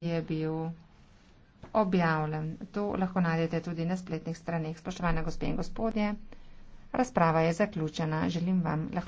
je bil objavljen. To lahko najdete tudi na spletnih straneh. Spoštovane gospe in gospodje, razprava je zaključena. Želim vam lahko.